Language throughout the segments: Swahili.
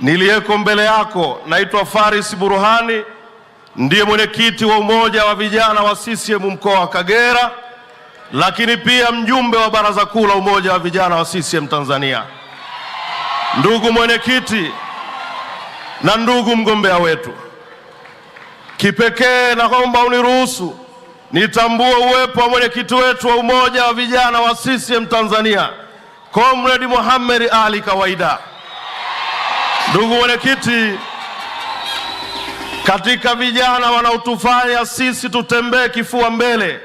Niliyeko mbele yako naitwa Faris buruhani ndiye mwenyekiti wa umoja wa vijana wa CCM mkoa wa Kagera, lakini pia mjumbe wa baraza kuu la umoja wa vijana wa CCM Tanzania. Ndugu mwenyekiti na ndugu mgombea wetu, kipekee na kwamba uniruhusu nitambue uwepo wa mwenyekiti wetu wa umoja wa vijana wa CCM Tanzania, Comrade Mohamed Ali Kawaida. Ndugu mwenyekiti, katika vijana wanaotufanya sisi tutembee kifua mbele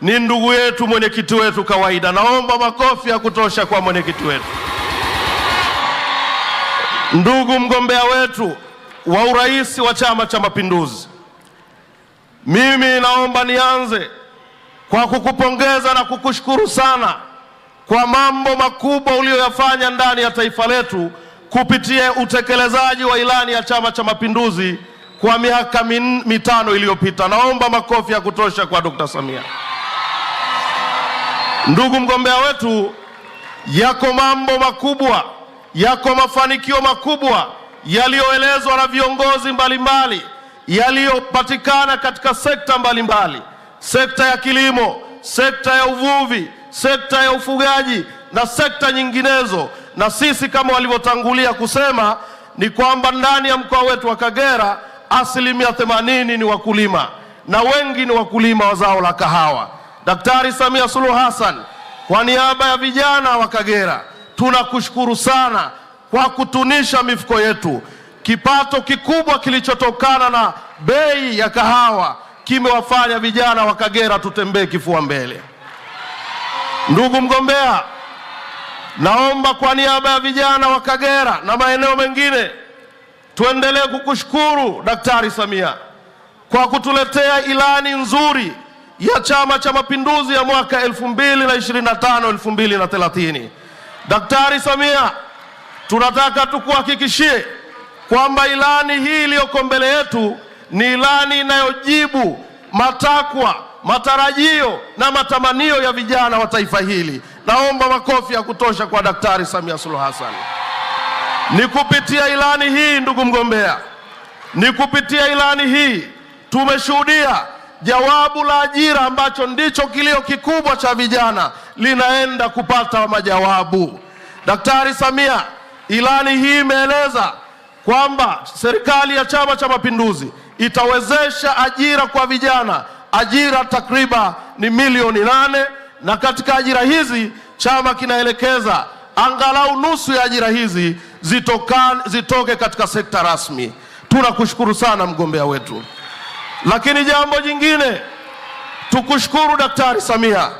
ni ndugu yetu mwenyekiti wetu kawaida. Naomba makofi ya kutosha kwa mwenyekiti wetu, ndugu mgombea wetu wa urais wa Chama cha Mapinduzi. Mimi naomba nianze kwa kukupongeza na kukushukuru sana kwa mambo makubwa uliyoyafanya ndani ya taifa letu kupitia utekelezaji wa ilani ya Chama cha Mapinduzi kwa miaka mitano iliyopita. Naomba makofi ya kutosha kwa Dr. Samia. Ndugu mgombea wetu, yako mambo makubwa, yako mafanikio makubwa yaliyoelezwa na viongozi mbalimbali yaliyopatikana katika sekta mbalimbali mbali. Sekta ya kilimo, sekta ya uvuvi, sekta ya ufugaji na sekta nyinginezo na sisi kama walivyotangulia kusema ni kwamba ndani ya mkoa wetu wa Kagera asilimia themanini ni wakulima na wengi ni wakulima wa zao la kahawa. Daktari Samia Suluhu Hassan, kwa niaba ya vijana wa Kagera tunakushukuru sana kwa kutunisha mifuko yetu. Kipato kikubwa kilichotokana na bei ya kahawa kimewafanya vijana wa Kagera tutembee kifua mbele. Ndugu mgombea Naomba kwa niaba ya vijana wa Kagera na maeneo mengine tuendelee kukushukuru Daktari Samia kwa kutuletea ilani nzuri ya Chama cha Mapinduzi ya mwaka 2025 2030. Daktari Samia, tunataka tukuhakikishie kwamba ilani hii iliyoko mbele yetu ni ilani inayojibu matakwa, matarajio na matamanio ya vijana wa taifa hili. Naomba makofi ya kutosha kwa Daktari Samia Suluhu Hassan. Ni kupitia ilani hii, ndugu mgombea, ni kupitia ilani hii tumeshuhudia jawabu la ajira ambacho ndicho kilio kikubwa cha vijana linaenda kupata majawabu. Daktari Samia, ilani hii imeeleza kwamba serikali ya Chama cha Mapinduzi itawezesha ajira kwa vijana, ajira takriban ni milioni nane na katika ajira hizi chama kinaelekeza angalau nusu ya ajira hizi zitokan, zitoke katika sekta rasmi. Tunakushukuru sana mgombea wetu, lakini jambo jingine tukushukuru Daktari Samia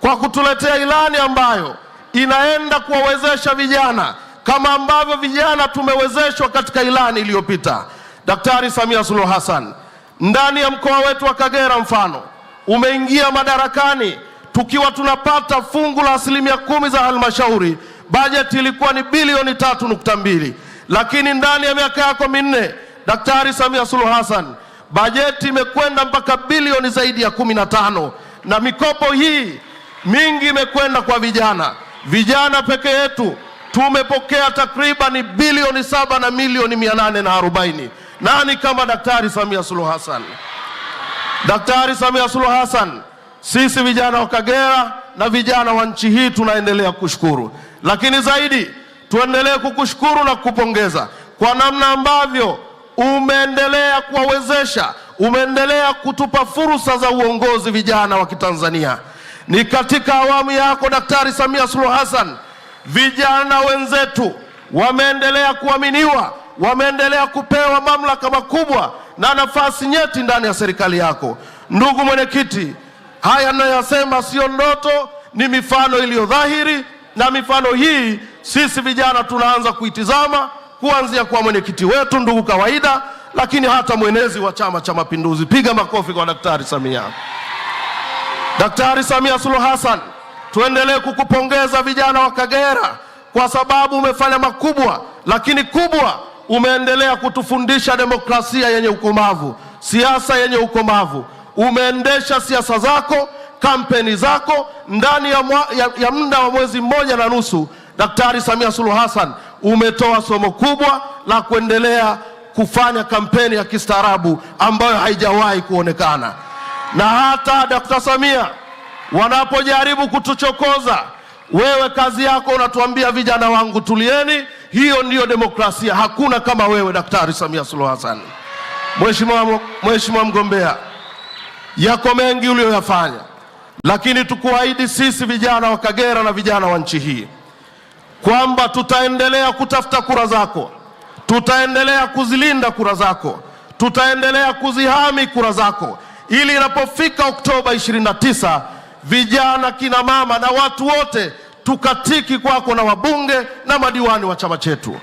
kwa kutuletea ilani ambayo inaenda kuwawezesha vijana kama ambavyo vijana tumewezeshwa katika ilani iliyopita. Daktari Samia Suluhu Hassan ndani ya mkoa wetu wa Kagera mfano umeingia madarakani tukiwa tunapata fungu la asilimia kumi za halmashauri, bajeti ilikuwa ni bilioni tatu nukta mbili lakini ndani ya miaka yako minne Daktari Samia Suluhu Hassan bajeti imekwenda mpaka bilioni zaidi ya kumi na tano na mikopo hii mingi imekwenda kwa vijana. Vijana peke yetu tumepokea takribani bilioni saba na milioni mia nane na arobaini. Nani kama Daktari Samia Suluhu Hassan? Daktari Samia Suluhu Hassan sisi vijana wa Kagera na vijana wa nchi hii tunaendelea kushukuru, lakini zaidi tuendelee kukushukuru na kukupongeza kwa namna ambavyo umeendelea kuwawezesha, umeendelea kutupa fursa za uongozi vijana wa Kitanzania. Ni katika awamu yako Daktari Samia Suluhu Hassan, vijana wenzetu wameendelea kuaminiwa, wameendelea kupewa mamlaka makubwa na nafasi nyeti ndani ya serikali yako. Ndugu mwenyekiti Haya nayasema siyo ndoto, ni mifano iliyo dhahiri, na mifano hii sisi vijana tunaanza kuitizama kuanzia kwa mwenyekiti wetu ndugu Kawaida, lakini hata mwenezi wa Chama cha Mapinduzi. Piga makofi kwa Daktari Samia. Daktari Samia Suluhu Hassan, tuendelee kukupongeza vijana wa Kagera kwa sababu umefanya makubwa, lakini kubwa umeendelea kutufundisha demokrasia yenye ukomavu, siasa yenye ukomavu umeendesha siasa zako, kampeni zako ndani ya, ya, ya muda wa mwezi mmoja na nusu. Daktari Samia Suluhu Hassan, umetoa somo kubwa la kuendelea kufanya kampeni ya kistaarabu ambayo haijawahi kuonekana. Na hata Daktari Samia wanapojaribu kutuchokoza, wewe kazi yako unatuambia vijana wangu tulieni. Hiyo ndiyo demokrasia. Hakuna kama wewe Daktari Samia Suluhu Hassan. Mheshimiwa mgombea yako mengi uliyoyafanya, lakini tukuahidi sisi vijana wa Kagera na vijana wa nchi hii kwamba tutaendelea kutafuta kura zako, tutaendelea kuzilinda kura zako, tutaendelea kuzihami kura zako, ili inapofika Oktoba 29 vijana, kina mama na watu wote tukatiki kwako na wabunge na madiwani wa chama chetu.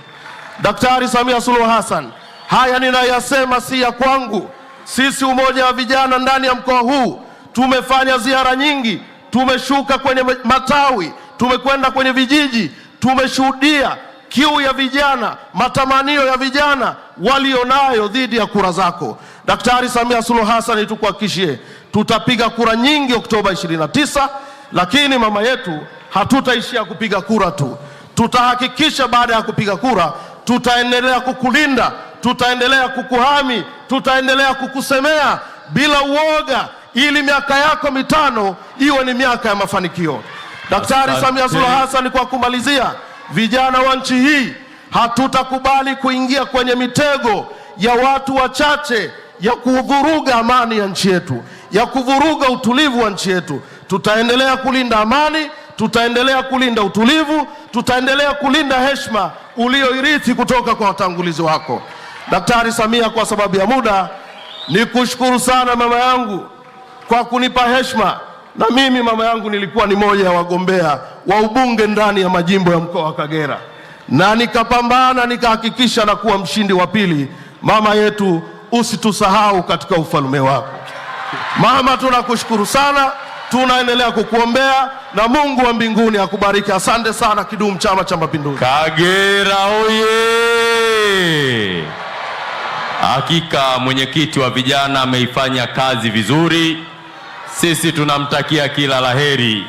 Daktari Samia Suluhu Hassan, haya ninayasema si ya kwangu sisi umoja wa vijana ndani ya mkoa huu tumefanya ziara nyingi, tumeshuka kwenye matawi, tumekwenda kwenye vijiji, tumeshuhudia kiu ya vijana, matamanio ya vijana walionayo dhidi ya kura zako. Daktari Samia Suluhu Hassan, tukuhakikishie tutapiga kura nyingi Oktoba 29, lakini mama yetu, hatutaishia kupiga kura tu, tutahakikisha baada ya kupiga kura tutaendelea kukulinda tutaendelea kukuhami, tutaendelea kukusemea bila uoga, ili miaka yako mitano iwe ni miaka ya mafanikio. Daktari Samia Suluhu Hassan, kwa kumalizia, vijana wa nchi hii hatutakubali kuingia kwenye mitego ya watu wachache ya kuvuruga amani ya nchi yetu, ya kuvuruga utulivu wa nchi yetu. Tutaendelea kulinda amani, tutaendelea kulinda utulivu, tutaendelea kulinda heshima uliyoirithi kutoka kwa watangulizi wako. Daktari Samia, kwa sababu ya muda, ni kushukuru sana mama yangu kwa kunipa heshima. Na mimi mama yangu nilikuwa ni moja ya wagombea wa ubunge ndani ya majimbo ya mkoa wa Kagera, na nikapambana nikahakikisha na kuwa mshindi wa pili. Mama yetu, usitusahau katika ufalme wako. Mama, tunakushukuru sana, tunaendelea kukuombea na Mungu wa mbinguni akubariki. Asante sana. Kidumu Chama cha Mapinduzi! Kagera oye! Hakika mwenyekiti wa vijana ameifanya kazi vizuri, sisi tunamtakia kila laheri.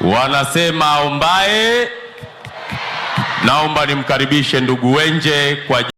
Wanasema aombaye, naomba nimkaribishe ndugu Wenje kwa